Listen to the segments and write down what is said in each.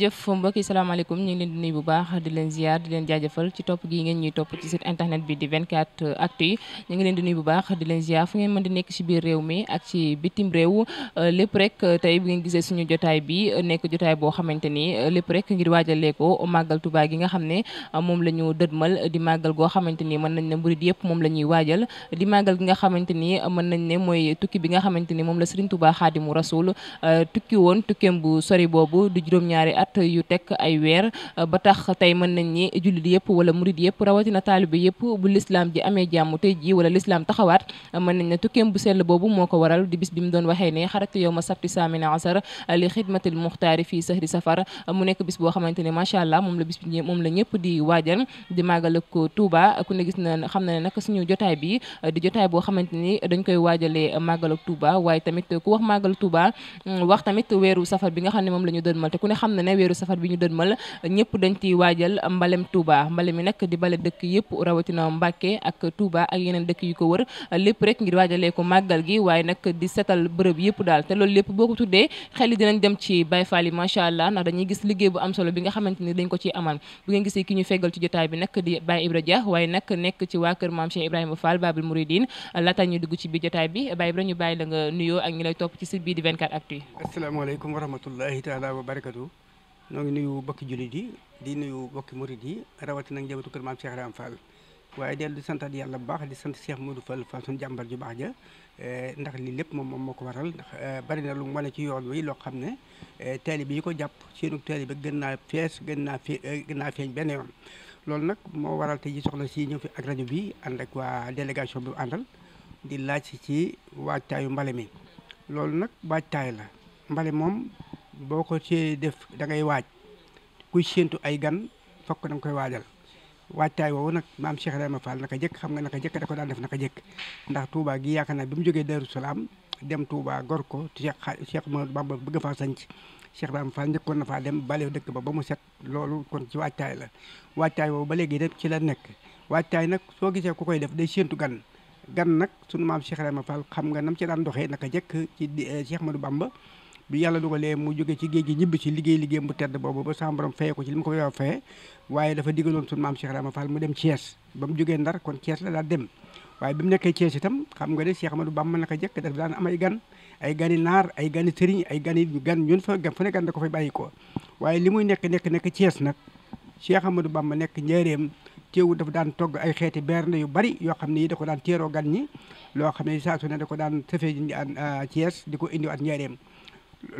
jëf mbokk yi salaamaaleykum ñu ngi leen di bu baax di leen ziar di leen jaajëfal ci topp gi ngeen ñuy topp ci site internet bi di 24 actu yi ñu ngi leen di bu baax di leen ziar fu ngeen mën di nekk ci biir réew mi ak ci bitim réew euh, lépp rek euh, tey bu ngeen gisee suñu jotaay bi euh, nekk jotaay boo xamante ni lépp rek ngir waajalee ko màggal Tuubaa gi nga xam ne moom la ñu dëdmal di màggal goo xamante ni mën nañ ne murid yëpp moom la ñuy waajal di màggal gi nga xamante ni mën nañ ne mooy tukki bi nga xamante ni moom la Sëriñ Tuubaa Xaadimu Rasuul tukki woon bu sori boobu du juróom-ñaari at at yu teg ay weer uh, ba tax tey mën nañ ni jullit yëpp wala murit yëpp rawatina taalibe yëpp bu lislaam ji amee jàmm tey ji wala lislaam taxawaat uh, mën nañ ne tukkeem bu sell boobu moo ko waral di bis bi mu doon waxee ne xaratu ma uh, ne macha allah moom la bis bi moom la ñëpp di waajal di màggal ko Touba ku ne gis na xam na ne nag suñu jotaay bi di jotaay boo xamante ni dañ koy waajalee màggal Touba waaye tamit ku wax màggal Touba mm, wax tamit weeru safar bi nga xam ne moom la doon mal ku ne xam na weeru safar bi ñu dënmal ñëpp dañ ciy waajal mbalem Touba mbale mi nag di bale dëkk yëpp rawatina Mbàkke ak Touba ak yeneen dëkk yu ko wër lépp rek ngir waajalee ko màggal gi waaye nag di setal bërëb yëpp daal te loolu lépp boo ko tuddee xel yi dinañ dem ci Baye Fall yi macha allah ndax dañuy gis liggéey bu am solo bi nga xamante ni dañ ko ciy amal bu ngeen gisee ki ñu feggal ci jotaay bi nag di Baye Ibra Dia waaye nag nekk ci waa Maam Cheikh noo ngi nuyu bokki jullit yi di nuyu bokki murit yi rawatina njabootu kër maam Cheikh Rahane Fall waaye dellu di santaat yàlla bu baax di sant Cheikh Modou Fall Fall suñu jàmbar ju baax ja eh, ndax lii lépp moom moom moo ko waral eh, barina lu mu wane ci yoon wi loo xam ne eh, taalibe yi ko jàpp seenu taalibe gën naa fees gën naa fee gën naa feeñ benn yoon loolu nag moo waral te ji soxna si ñëw fi ak rajo bi ànd ak waa délégation bi àndal di laaj ci waajtaayu mbale mi loolu nag waajtaay la boo ko ci def da ngay waaj kuy séentu ay gan fokk da nga koy waajal waajtaay woowu nag maam Cheikh Ibrahima Fall njëkk jëkk xam nga naka jëkk da ko daan def naka jëkk ndax Touba gi yaakaar naa bi mu jógee Darou Salaam dem Touba gor ko Cheikh Cheikh Mouhamadou Bamba bëgg faa sanc Cheikh Ibrahima Fall njëkkoon na faa dem bale dëkk ba ba mu set loolu kon ci waajtaay la waajtaay woowu ba léegi dem ci la nekk waajtaay nag soo gisee ku koy def day séentu gan gan nag sunu maam Cheikh Ibrahima Fall xam nga nam ci daan doxee a jëkk ci eh, Cheikh Mouhamadou Bamba bi yàlla dugalee mu jóge ci géej gi ñibbi ci liggéey liggéey mu tedd boobu ba sama borom fayee ko ci li ko yow waaye dafa digaloon sunu maam Cheikh Rama Fall mu dem Thiès ba mu jógee Ndar kon cees la daal dem waaye bi mu nekkee Thiès itam xam nga ne Cheikh Amadou Bamba naka jëkk daf daan am ay gani naar ay gani sëriñ ay gani gan ñun fa gan fu ne gan da ko fay bàyyi ko waaye li muy nekk nekk nekk Thiès nag Cheikh Amadou Bamba nekk njëreem teewul dafa daan togg ay xeeti na yu bari yoo xam ne yi da ko daan teeroo gan ñi loo xam ne saa su ne da ko daan sëfee ah, Thiès di ko indiwaat njëreem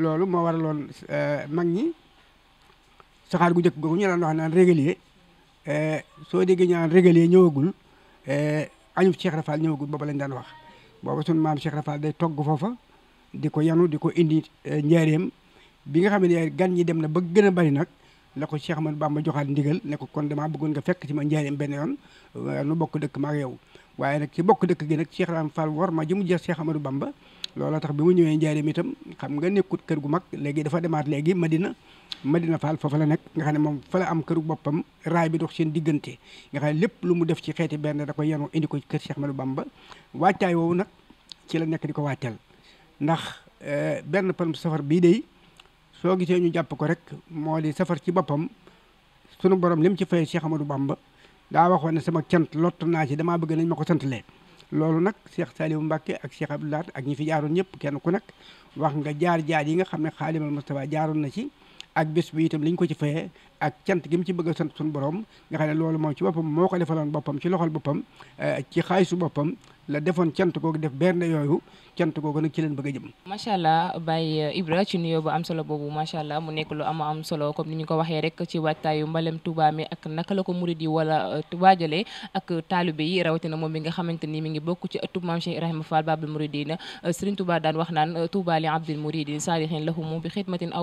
loolu moo waraloon eh, mag ñi saxaar gu njëkk googu ñu daan wax naan régulier eh, soo déggee ñu naan régulier ñëwagul eh, añub Cheikh Rafal ñëwagul boobu lañ daan wax booba sunu maam Cheikh Rafal day togg foofa di ko yanu di ko indi njaareem bi nga xam ne gan ñi dem na ba gën a bari nag la ko Cheikh Ahmadou Bamba joxaat ndigal ne ko kon damaa bëggoon nga fekk ci ma njaareem benn yoon nu bokk dëkk ma ak yow waaye nag ci bokk dëkk gi nag Cheikh Ibrahima Fall war ma ji mu jeex Cheikh Amadou Bamba looloo tax bi mu ñëwee njaareem itam xam nga nekkut kër gu mag léegi dafa demaat léegi Madina Madina faal foofa la nekk nga xam ne moom fa la am këru boppam raay bi dox seen diggante nga xam ne lépp lu mu def ci xeeti benn da koy yanu indi ko kër Cheikh Amadou Bamba wàccaay woowu nag ci la nekk di ko wàccal ndax eh, benn param safar bii day soo gisee ñu jàpp ko rek moo di safar ci boppam sunu borom lim ci fay Cheikh Amadou Bamba daa waxoon ne sama cant lott naa ci damaa bëgg nañ ma ko santalee loolu nag Cheikh Saliou Mbacke ak Cheikh Abdou laat ak ñi fi jaaroon ñëpp kenn ku nag wax nga jaar jaar yi nga xam ne Xaadimal Moustapha jaaroon na ci ak bés bi itam liñ ko ci fayee ak cant gi mu ci bëgg a sant suñu borom nga xam ne loolu moom ci boppam moo ko defaloon boppam ci loxol boppam eh, ci xaalisu boppam la defoon cant googu def benn yooyu cant googu nag ci leen bëgg a jëm. macha allah Baye Ibra ci nuyoo bu am solo boobu macha allah mu nekk loo am am solo comme ni ñu ko waxee rek ci waajtaayu mbalem Touba mi ak naka la ko murid yi wala euh, waajalee ak taalibe yi rawatina moom mi nga xamante ni mi ngi bokk ci ëttub maam Cheikh euh, daan wax naan euh,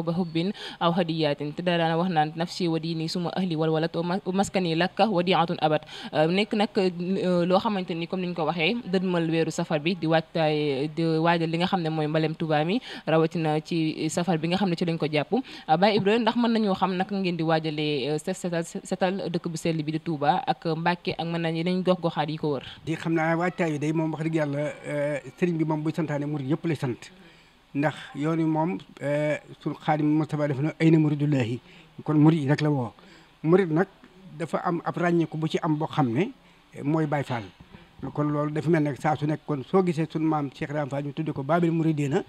ba hubbin aw hadiyatin wax naan nafsi wa diini suma wal walat maskani lakka wadiatun abad nekk loo xamante ni comme ni ñu ko waxee dëdmal weeru safar bi di waajtaay di waajal li nga xam ne mooy mbalem Touba mi rawatina ci safar bi nga xam ne ci lañ ko jàpp ah, Baye Ibrahima ndax mën nañoo xam naka ngeen di waajalee euh, set setal setal dëkk bu sell bi di tuuba ak Mbàkke ak mën nañ yeneen gox goxaat yi ko wër di xam naa waajtaay yi day moom wax dëgg yàlla euh, sëriñ bi moom buy santaane murid yëpp lay sant ndax yoon wi moom euh, su xaadim Moustapha def na ay na muridullahi kon murid yi rek la woo murid nag dafa am ab ràññeeku bu ci am boo xam ne mooy Baye Fall kon loolu daf mel ne saa su nekk kon soo gisee sunu maam Cheikh a fës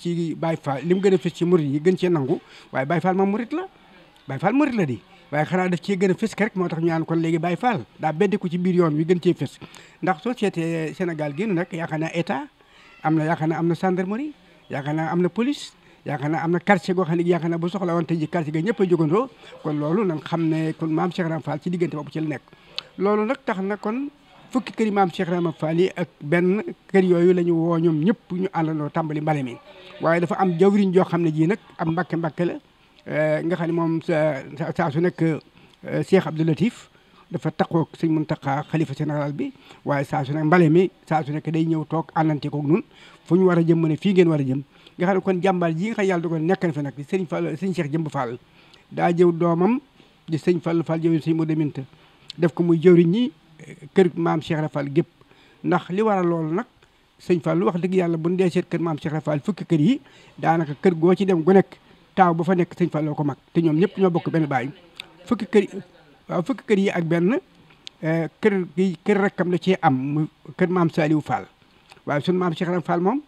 ci Baye a fës ci murid yi gën cee nangu waaye Baye Fall moom murid la Baye Fall murid la di waaye xanaa daf cee a fës rek moo tax ñu naan kon léegi Baye Fall daa beddiku ci biir yoon wi naa am na yaakaar naa am na gendarmerie yaakaar naa am na police yaakaar naa am na quartier goo xam ne yaakaar naa bu soxla woon tey ji quartier ga a jógandoo kon loolu nag xam ne kon maam Cheikh ci diggante nekk tax na kon fukki kër yi maam Cheikh ma Fall yi ak benn kër yooyu la ñu woo ñoom ñëpp ñu àndandoo tàmbali mbale mi waaye dafa am jawriñ joo xam ne jii nag am mbàkke mbàkke la eh, nga xam ne moom saa su nekk eh, Cheikh Abdou Latif dafa taqoog sëñ Muntaqa xalifa général bi waaye saa su nekk mbale mi saa su nekk day ñëw toog àndante koog nun fu ñu war a jëm mu ne fii ngeen war a jëm nga xam ne kon jàmbaar ji nga xam yàlla da ko nekkan fi nag di sëñ Fall sëñ Cheikh Jëmb Fall daa jëw doomam di sëñ Fall Fall jëw sëñ Modou Minta def ko muy jawriñ ñi kër maam Cheikh Rafal gépp ndax li waral lool nag sëñ Fall lu wax dëgg yàlla bu dee seet kër maam Cheikh Rafal fukki kër yi daanaka kër goo ci dem gu nekk taaw ba fa nekk sëñ Fall loo ko mag te ñoom ñëpp ñoo bokk benn baay fukki kër fukki kër yi ak benn eh, kër gi kër rakkam la ci am mu kër maam Saliou Fall waaye suñu maam Cheikh Rafal moom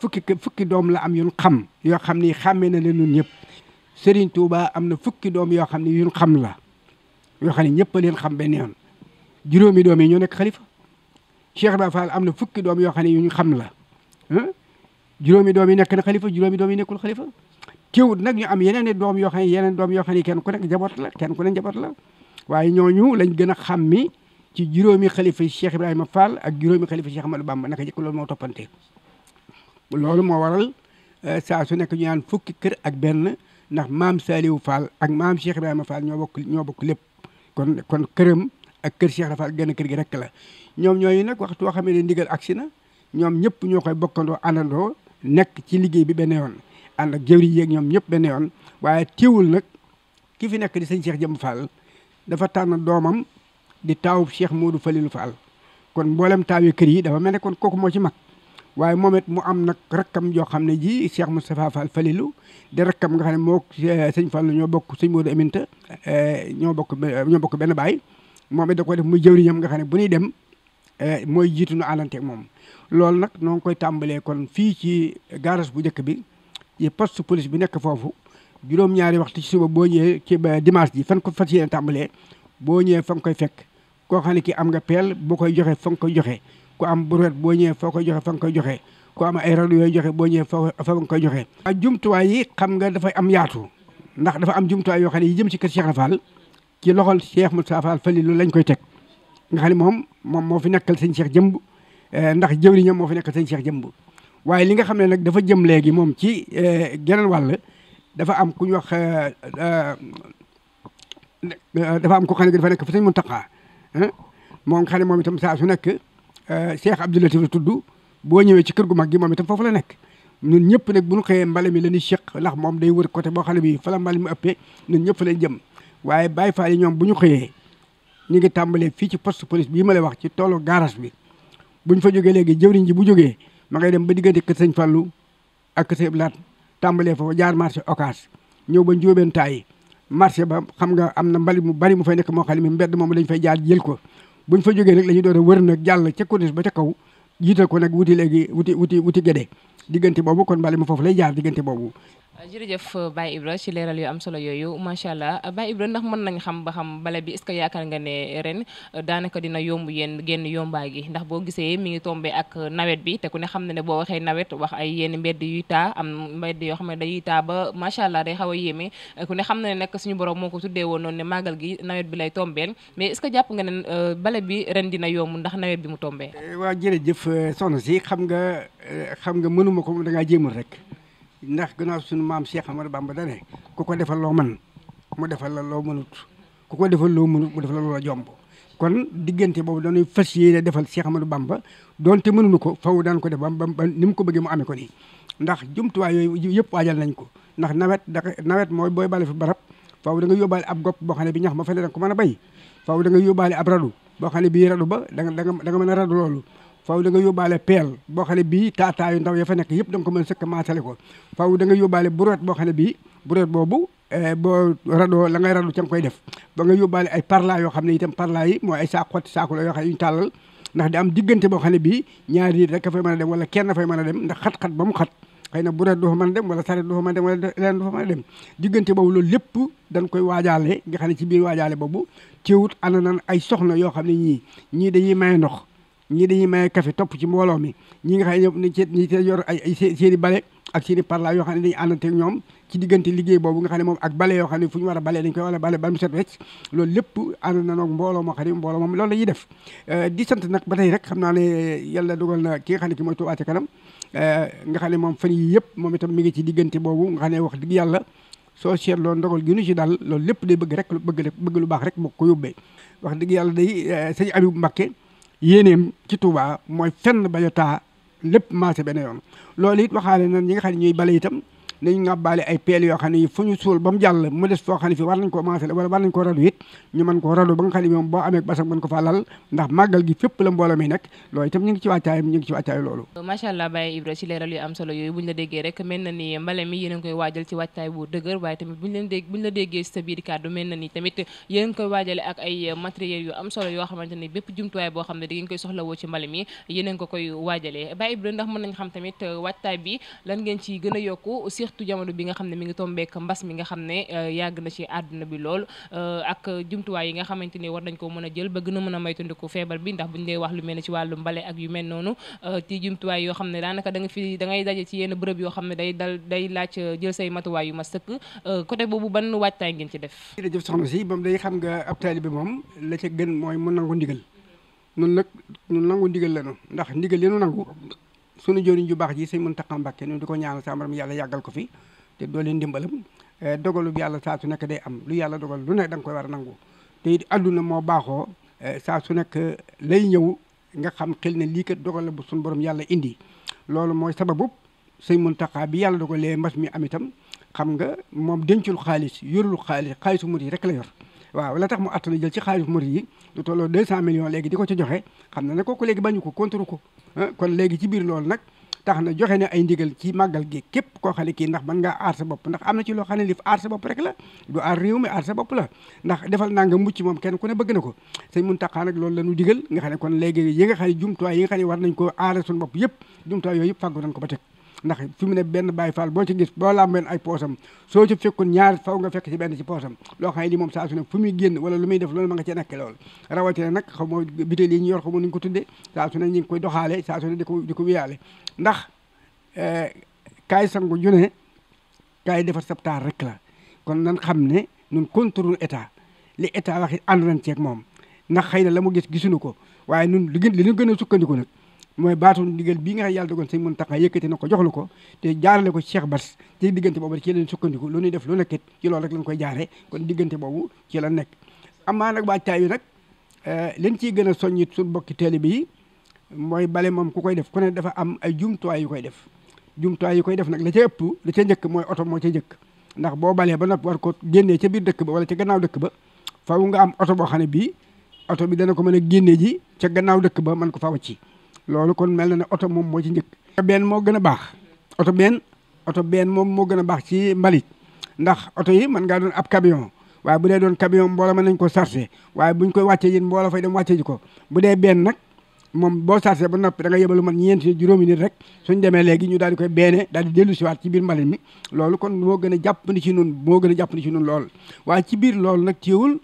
fukki doom la am yun xam yoo xam ni xàmmee na leen ñun ñëpp Serigne Touba am na fukki doom yoo xam ne yun xam la yoo xam ne ñëpp a leen xam benn yoon juróomi doom yi ñoo nekk xalifa Cheikh Ibra am na fukki doom yoo xam ne yu ñu xam la juróomi doom yi nekk na xalifa juróomi doom yi nekkul xalifa teewut nag ñu am yeneen i doom yoo xam ne yeneen doom yoo xam ne kenn ku nekk jaboot la kenn ku nekk jaboot la waaye ñooñu lañ gën a xàmmi ci juróomi xalifa Cheikh Ibrahima Fall ak juróomi xalifa Cheikh Ahmadou Bamba naka jëkk loolu moo toppante loolu moo waral euh, saa su nekk ñu naan fukki kër ak benn ndax maam Saliou Fall ak maam Cheikh Ibrahima Fall ñoo bokk ñoo bokk lépp kon kon këram ak kër Cheikh Rafal genn kër gi rek la ñoom ñooyu nag waxtu woo xam ne ndigal agsi na ñoom ñëpp ñoo koy bokkandoo àndandoo nekk ci liggéey bi benn yoon ànd ak jëwri yeeg ñoom ñëpp benn yoon waaye teewul nag ki fi nekk di sëñ Cheikh Jëm Fall dafa tànn doomam di taawu Cheikh Modou Falilou Fall kon mboolem taawi kër yi dafa mel ne kon kooku moo ci mag waaye moom it mu am nag rakkam joo xam ne ji Cheikh Moustapha Fall Falilou di rakkam nga xam ne moo eh, sëñ Fall ñoo bokk sëñ Modou Aminta eh, ñoo bokk ñoo bokk benn baay moom it da koy def muy jëwriñam nga xam ne bu ñuy dem eh, mooy jiitu nu àllanteeg moom loolu nag noo koy tàmbalee kon fii ci garage bu njëkk bi yi poste police bi nekk foofu juróom-ñaari waxtu ci suba boo ñëwee ci dimanche ji fan ko fas yéene tàmbalee boo ñëwee fa nga koy fekk koo xam ne ki am nga peel boo koy joxe fa nga koy joxe ku am brouette boo ñëwee foo koy joxe fa nga koy joxe ku am ay rajo yooyu joxe boo ñëwee fa fa nga koy joxe. a jumtuwaay yi xam nga dafay am yaatu ndax dafa am jumtuwaay yoo xam ne yi jëm ci kër Cheikh Fall ci loxol Cheikh Moustapha Fall Falilou lañ koy teg nga xam moom moom moo fi nekkal sëñ Cheikh jëmb eh, ndax jëwriñam moo fi nekkal sëñ Cheikh jëmb waaye li nga xam ne nag dafa jëm léegi moom ci eh, geneen wàll dafa am ku ñu wax eh, dafa am ku xam ne dafa nekk fa sëñ Mountakha moom nga xam ne moom itam saa su nekk Cheikh Abdou Latif la tudd boo ñëwee ci kër gu mag gi moom itam foofu la nekk ñun ñëpp nag bu ñu xëyee mbale mi la ñuy séq ndax moom day wër côté boo xale ne bi fa la mbale mi ëppee ñun ñëpp fa lañ jëm waaye Baye Fall yi ñoom bu ñu xëyee ñu ngi tàmbalee fii ci poste police bii ma lay wax ci toolu garage bi buñ fa jógee léegi jëwriñ ji bu jógee ma ngay dem ba diggante kër sëñ Fallou ak kër sëñ Laat tàmbalee foofu jaar marché Ocass ñëw ba njóobeen taay marché ba xam nga am na mbali mu bari mu fay nekk moo xam ne mbedd moom lañ fay jaar jël ko buñ fa jógee nag la ñu doon wër nag jàll ca corniche ba ca kaw jiital ko nag wuti léegi wuti wuti wuti gédé diggante boobu kon mbali mu foofu lay jaar diggante boobu Euh, jërëjëf euh, Baye Ibra ci leeral yu am solo yooyu macha allah euh, Baye Ibra ndax mën nañ xam ba xam bale bi est-ce yaakaar nga ne ren daanaka dina yomb yéen genn yombaa gi ndax boo gisee mi ngi tombee ak nawet bi te ku ne xam ne ne boo waxee nawet wax ay yenn mbedd yuy taa am mbedd yoo xam ne dañuy taa ba macha allah day xaw a yéeme ku ne xam ne nag suñu borom moo ko tuddee woon ne màggal gi nawet bi lay tombeel mais est-ce jàpp nga ne bale bi ren dina yomb ndax nawet bi mu tombee eh, waa waaw jëf soxna si xam nga xam nga mënuma ko dangaa jéemal rek ndax gannaaw suñu maam Cheikh Amadou Bamba dane ku ko defal loo man mu defal la loo mënut ku ko defal loo mënut mu defal la loo jombo kon diggante boobu dañuy fas yéene defal ma Cheikh Amadou Bamba donte mënuñu ko faw daan ko def ba ba ni mu ko bëggee mu ame ko nii ndax jumtuwaay yooyu yëpp waajal nañ ko ndax nawet da nawet mooy booy bale fi barab faw da nga yóbbaale ab gopp boo xam ne bi ñax ma fa ne da nga ko mën a béy faw da nga yóbbaale ab radu boo xam ne bii radu ba da nga da nga mën a loolu faaw da nga yóbbaale peel boo xam ne bii taataa yu ndaw ya fa nekk yépp da nga ko mën sëkk maasale ko faaw da nga yóbbaale bureet boo xam ne bii bureet boobu eh, boo radoo la ngay koy def ba nga yóbbaale ay parla yoo xam ne itam parla yi mooy ay saaqoot saako la yoo xam ne yu ñu tàllal ndax da am diggante boo xam bii ñaari nit rek a fay mën a dem wala kenn fay mën a dem ndax xat-xat ba mu xat xëy na bureet du fa mën a dem wala saret du fa mën a dem wala diggante boobu loolu lépp dañ koy waajaale nga xam ne ci biir waajaale boobu ci wut ana nan ay soxna yoo xam ne ñii ñii dañuy may ndox ñii dañuy maye café topp ci mbooloo mi ñi nga xam ne ñi te yor ay seen bale ak seen i yoo xam ne dañuy àndante ak ñoom ci diggante liggéey boobu nga xam ne moom a bale a ba mu set wecc loolu lépp ànd na noog mbooloo moo xam ne euh, nag ba tey rek xam naa ne yàlla dogal na ki nga xam ne ki mooy Touba ca kanam euh, nga xam moom fan yi yëpp moom itam mi ngi ci diggante boobu nga xam ne wax dëgg yàlla soo seetloo ndogal gi nu ci daal loolu lépp day bëgg rek bëgg bëgg lu baax rek moo ko yóbbee wax dëgg yàlla day euh, sëñ Abib Mbacké yéeneem ci Touba mooy fenn bañ a taa lépp maase yoon loolu it waxaale nan ñi nga xam ne ñuy bale itam nañ ngàbbaale ay peel yoo xam ne fu ñu suul ba mu jàll mu des foo xam ne fi a ngi koy waajal waajale ak solo yoo xamante ni bépp jumtuwaay boo xam ne da ngeen koy soxlawoo ci Ibra ndax mën nañ xam tamit wàccaay bi lan ngeen ci gën a yokku tu jamono bi nga xam ne mi ngi tombeek mbas mi nga xam ne euh, yàgg na ci àdduna bi lool euh, ak jumtuwaay yi nga xamante ni war nañ koo mën a jël ba gën a mën a maytandiku feebar bi ndax buñ dee wax lu mel ne ci wàllu mbale ak mel noonu euh, ci jumtuwaay yoo xam ne daanaka da nga fi da ngay daje ci yenn bërëb yoo xam ne day dal day laaj jël say matuwaay yu ma sëkk côté boobu ban waajtaay ngeen ci def jërëjëf soxna si moom day xam nga ab taalibe moom la ca gën mooy mu nangu ndigal noonu nag ñun nangu ndigal la nu ndax ndigal li nu nangu sunu jëriñ ju baax ji sëñ Muntaxa Mbàkke ñu di ko ñaanal sa borom yàlla yàggal ko fi te doo leen dimbalam eh, dogalu yàlla saa su nekk day am lu yàlla dogal lu nekk da nga koy war a nangu te it àdduna moo baaxoo eh, saa su nekk lay ñëw nga xam xel ne lii kat dogal la bu sunu borom yàlla indi loolu mooy sababu sëñ Muntaxa bi yàlla dogalee mbas mi am itam xam nga moom dencul xaalis yorul xaalis xaalisu murid yi rek la yor waaw la tax mu attana jël ci xaalis murid yi lu tolloo deux cent millions léegi ci joxe xam na ne kooku léegi bañu ko contre ko ah, kon léegi ci biir loolu nag tax na joxe ne ay ndigal ci màggal gi képp koo xam kii ndax mën ga aar sa bopp ndax am na ci loo xam ne li aar bopp rek la du aar réew mi aar la ndax defal naa nga mucc moom kenn ku ne bëgg na ko sëñ Muntaxa nag la ñu digal nga xam ne kon léegi yi nga xam ne jumtuwaay yi nga war nañ ko aar bopp yëpp jumtuwaay yooyu yëpp fàggu nañ ko ndax fi mu ne benn Baay Faal boo ci gis boo làmbeen ay poosam soo ci fekkoon ñaar faw nga fekk ci benn ci poosam loo xam ne lii moom saa su ne fu muy génn wala lu muy def loolu ma nga cee nekk lool rawatina nag xaw ma bitéel yi ñu yor xaw ñu ko tuddee saa su ne ñu koy doxaale saa su ne di ko di ko wiyaale ndax eh, kaay sangu ju ne kaay defar sab taar rek la kon nan xam ne nun contrôle état li état waxi ànd nañ ceeg moom ndax xëy na la mu gis gisunu ko waaye nun li gën li ñu gën a sukkandiku nag mooy baatu ndigal bii nga xam yàlla dogoon sëñ Muntaxa yëkkati na ko jox la ko te jaarale ko Cheikh Bass te diggante boobu ci leen sukkandiku lu ñuy def lu nekkit ci loolu koy jaare kon diggante boobu ci la nekk amaa nag waajtaay wi nag eh, leen ciy gën a soññit suñ bokki taalibe bii mooy bale moom ku koy def ku ne dafa am ay jumtuwaay yu koy def jumtuwaay yu koy def nag la ca ëpp la ca njëkk mooy oto moo ca njëkk ndax boo balee ba noppi war ko génnee ca biir dëkk ba wala ca gannaaw dëkk ba faaw nga am oto boo xam ne bii oto bi dana ko mën a génnee ji ca gannaaw dëkk ba mën ko fa wacci loolu kon mel na ne oto moom moo ci njëkk benn moo gën a baax oto benn oto benn moom moo gën a baax ci mbalit ndax oto yi mën ngaa doon ab camion waaye bu dee doon camion mboola mën nañ ko chargé waaye buñ koy wàccee yéen mboola fay dem wàccee ji ko bu dee benn nag moom boo chargé ba noppi da nga yebalu man ñeenti juróomi nit rek suñ demee léegi ñu daal di koy beene daal di dellu siwaat ci biir mbalit mi loolu kon moo gën a jàppandi ci nun moo gën a jàppandi ci lool waaye ci biir loolu nag téewul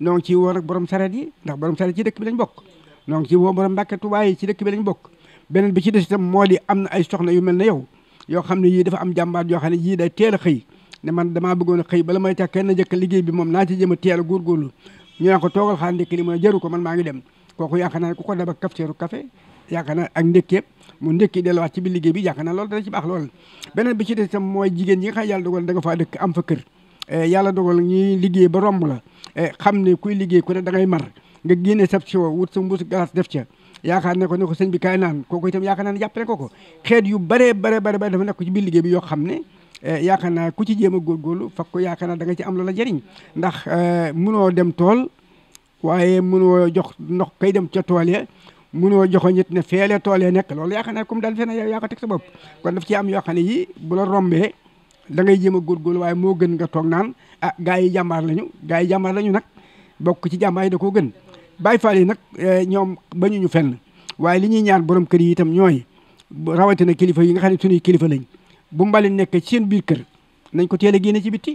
noo ngi ciy woo nag borom sareet yi ndax borom sareet ci dëkk bi lañ bokk donc ci woo borom Mbàkke Tuubaa yi ci dëkk bi lañ bokk beneen bi ci des itam moo am na ay soxna yu mel ne yow yoo xam ne yii dafa am jàmbaar yoo xam ne yii day teel a xëy ne man damaa bëggoon a xëy bala may tax kenn njëkk liggéey moom naa ci jëm a teel a góorgóorlu ñu naan ko toogal xaar ndékki ngi dem kooku yaakaar naa ne ku ko dab ak kafteeru café yaakaar naa ak ndékkeeb mu ndékki delluwaat ci biir liggéey bi yaakaar naa loolu dana ci baax lool beneen bi ci des itam mooy jigéen ñi nga xam ne yàlla dogal da nga faa dëkk am fa kër eh, yàlla dogal ñuy liggéey ba romb la eh, xam ne kuy liggéey ku ne da ngay mar nga génne sab siwo wut sa mbuus glace def ca yaakaar ne ko ne ko sëñ bi kaay naan kooku itam yaakaar naa ko ko xeet yu bare bare bare nekk ci yoo xam ne eh, yaakaar naa ku ci jéem a góorgóorlu fak ko yaakaar naa da nga am loola jëriñ ndax eh, munoo dem tool waaye munoo jox ndox kay dem ca tool ya munoo joxo nit ne feele tool ya nekk loolu yaakaar naa comme daal fee na yow sa bopp kon daf am yoo xam ne yi bu la rombee da jéem a góorgóorlu waaye moo gën nga toog naan ah gars yi jàmbaar lañu gars yi jàmbaar lañu nag bokk ci jàmbaar yi da koo gën Baay Faal yi nag eh, ñoom bañu ñu fenn waaye li ñuy ñaan borom kër yi itam ñooy rawatina kilifa yi nga xam ne suñuy kilifa lañ bu mbali nekk ci seen biir kër nañ ko teel a génne ci bitti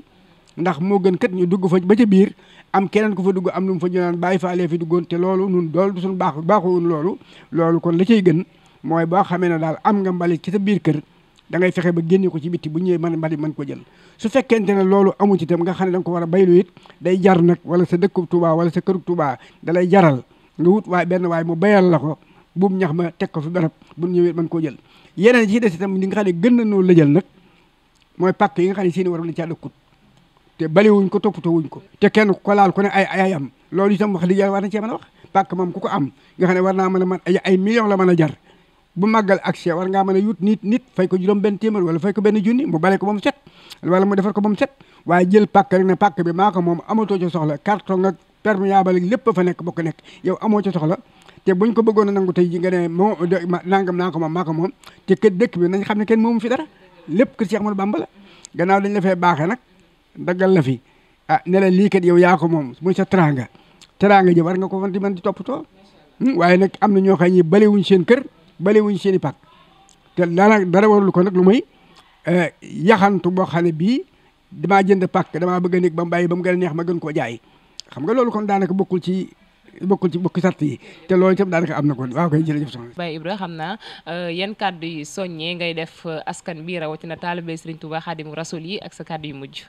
ndax moo gën kat ñu dugg fa ba ca biir am keneen ku fa dugg am lu mu fa ñu naan Baay Faal fi duggoon te loolu nun dool suñu baax baaxuwun loolu loolu kon la cay gën mooy boo xamee ne daal am nga mbalit ci sa biir kër da ngay fexe ba génne ko ci bitti bu ñëwee man mën mbalit mën ko jël su fekkente ne loolu amu ci itam nga xam ne da ko war a baylu it day jar nag wala sa dëkkub Tuubaa wala sa kërub Tuubaa da jaral nga wut waay benn waay mu bayal la ko buum ñax ma teg ko fi barab bu ñëwee mën koo jël yeneen ci des itam li nga xam ne gën na noo lëjal nag mooy pàkk yi nga xam ne seeni waram na caa dëkkut te baliwuñ ko toppatoo wuñ ko te kenn ku ko laal ku ne ay ay am loolu itam wax dëgg yàlla war na cee man a wax pàkk moom ku ko am nga xam ne war naa mën a man ay millions la mën a jar bu màggal accès war ngaa mën a yut nit nit fay ko juróom benn téeméer wala fay ko benn junni mu bale ko ba mu set wala mu defar ko ba mu set waaye jël pàkk rek ne pàkk bi maa ko moom amatoo ci soxla carton ak perméable lépp fa nekk ko nekk yow amoo ci soxla te buñ ko bëggoon na nangu tey ji nga ne moo nangam naa ko moom maa ko moom te kër dëkk bi nañ xam ne kenn moomu fi dara lépp kër Cheikh Ahmadou Bamba la gannaaw dañ la fee baaxee nag daggal la fi ah ne la yow yaa ko moom muy sa teraanga teraanga ji war nga ko fan di di toppatoo hmm, waaye nag am na ñoo xam ne baliwuñ seen kër bale wuñ seen i pàkk te dara dara warul ko nag lu may eh, yaxantu boo xam ne bii damaa jënd pàkk damaa bëgg a nekk ba mu bàyyi ba mu gën a neex ma gën koo jaay xam nga loolu kon daanaka bokkul ci bokkul ci bokki sart yi te loolu itam daanaka am na kon waaw koy jërëjëf soxna Baye Ibra xam naa eh, yan kàddu yi soññee ngay def eh, askan bi rawatina taalibe Serigne Touba Xaadimu Rasul yi ak sa kàddu yu mujj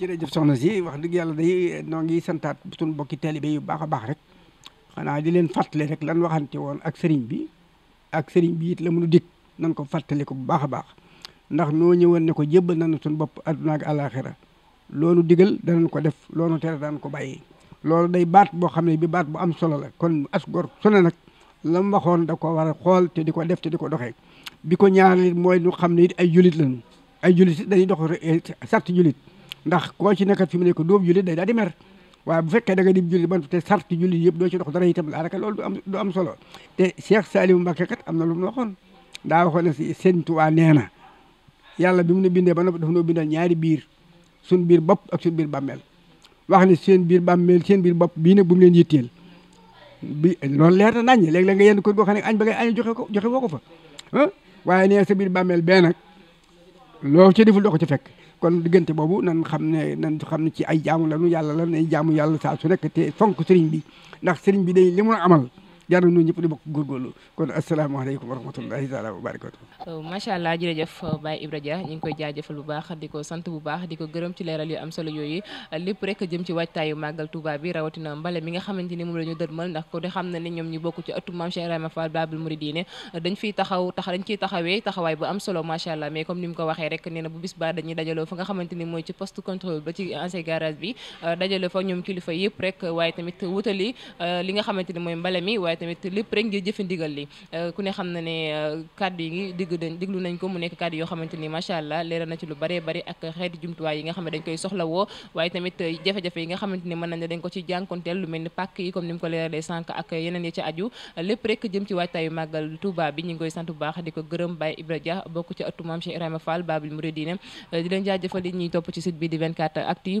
jërëjëf soxna si wax dëgg yàlla day noongi ngi santaat suñu bokki taalibe yu baax a baax rek xanaa di leen fàttali rek lan waxante woon ak sëriñ bi ak sëriñ bi it la mënu dikk nan ko fàttali ko bu baax a baax ndax noo ñëwoon ne ko jébbal nañu suñu bopp adduna ak àllaaxira loolu digal danañ ko def loolu tere daan ko bàyyi loolu day baat boo xam ne bi baat bu am solo la kon as gor su nag la waxoon da ko war a xool te di ko def te di ko doxee bi ko ñaareel mooy ñu xam ne it ay julit lañu ay julit dañuy dox eh, sart julit ndax koo ci nekkat fi mu ne ko dóob julit day daal di waaye bu fekkee da nga dim julli man te sarti julli yëpp doo ci dox dara itam daanaka loolu du am du am solo te Cheikh Saliou Mbacké kat am na lu mu waxoon daa waxoon ne si Sëñ Tuubaa nee na yàlla bi mu ne bindee ba noppi daf noo bindal ñaari biir suñ biir bopp ak suñ biir bammeel wax ne seen biir bàmmeel seen biir bopp bii nag bu mu leen yitteel bi loolu leer na naññ léeg-léeg nga yenn ko boo xam ne añ ba ngay añ joxe ko joxe woo ko fa ah. waaye nee sa biir bammeel bee nag loo ci deful doo ko ci fekk kon diggante boobu nan xam ne nan xam ne ci ay jaamu lanu yàlla la nay jaamu yàlla saa su nekk te fonk sëriñ bi ndax sëriñ bi day li mun amal jar na ñun ñëpp bokk góorgóorlu kon asalaamaaleykum wa rahmatullahi euh, allah jërëjëf euh, Baye Ibra Dia ñu koy jaajëfal bu baax di ko sant bu baax di ko gërëm ci leeral yu am solo yooyu euh, lépp rek jëm ci waajtaayu màggal Touba ko waxee rek nee bu bis baa dañuy dajaloo fa nga xamante mooy ci poste contrôle ba ci ancien bi dajaloo fa ñoom kilifa yëpp rek waaye tamit wutali li nga xamante mooy mbale mi waaye tamit lépp rek jëfe ndigal li euh, ku ne xam na ne euh, kàddu yi digg dañ nañ ko mu nekk kàddu yoo xamante ni macha allah leeral na ci lu bare bari ak xeeti jumtuwaay yi nga xam euh, ni mën dañ ko ci jànkonteel lu mel ni pàkk yi comme ni ko leeralee sànq ak yeneen yi ci aju lépp rek jëm ci waajtaayu màggal Touba bi ñu ngi koy sant baax di ko gërëm Baye Ibra bokk ci ëttu maam Cheikh Ibrahima Fall Babul Mouridine di leen jaajëfal yi ñuy topp ci site bi di 24 actu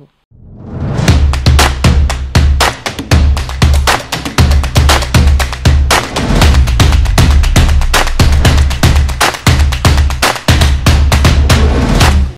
हो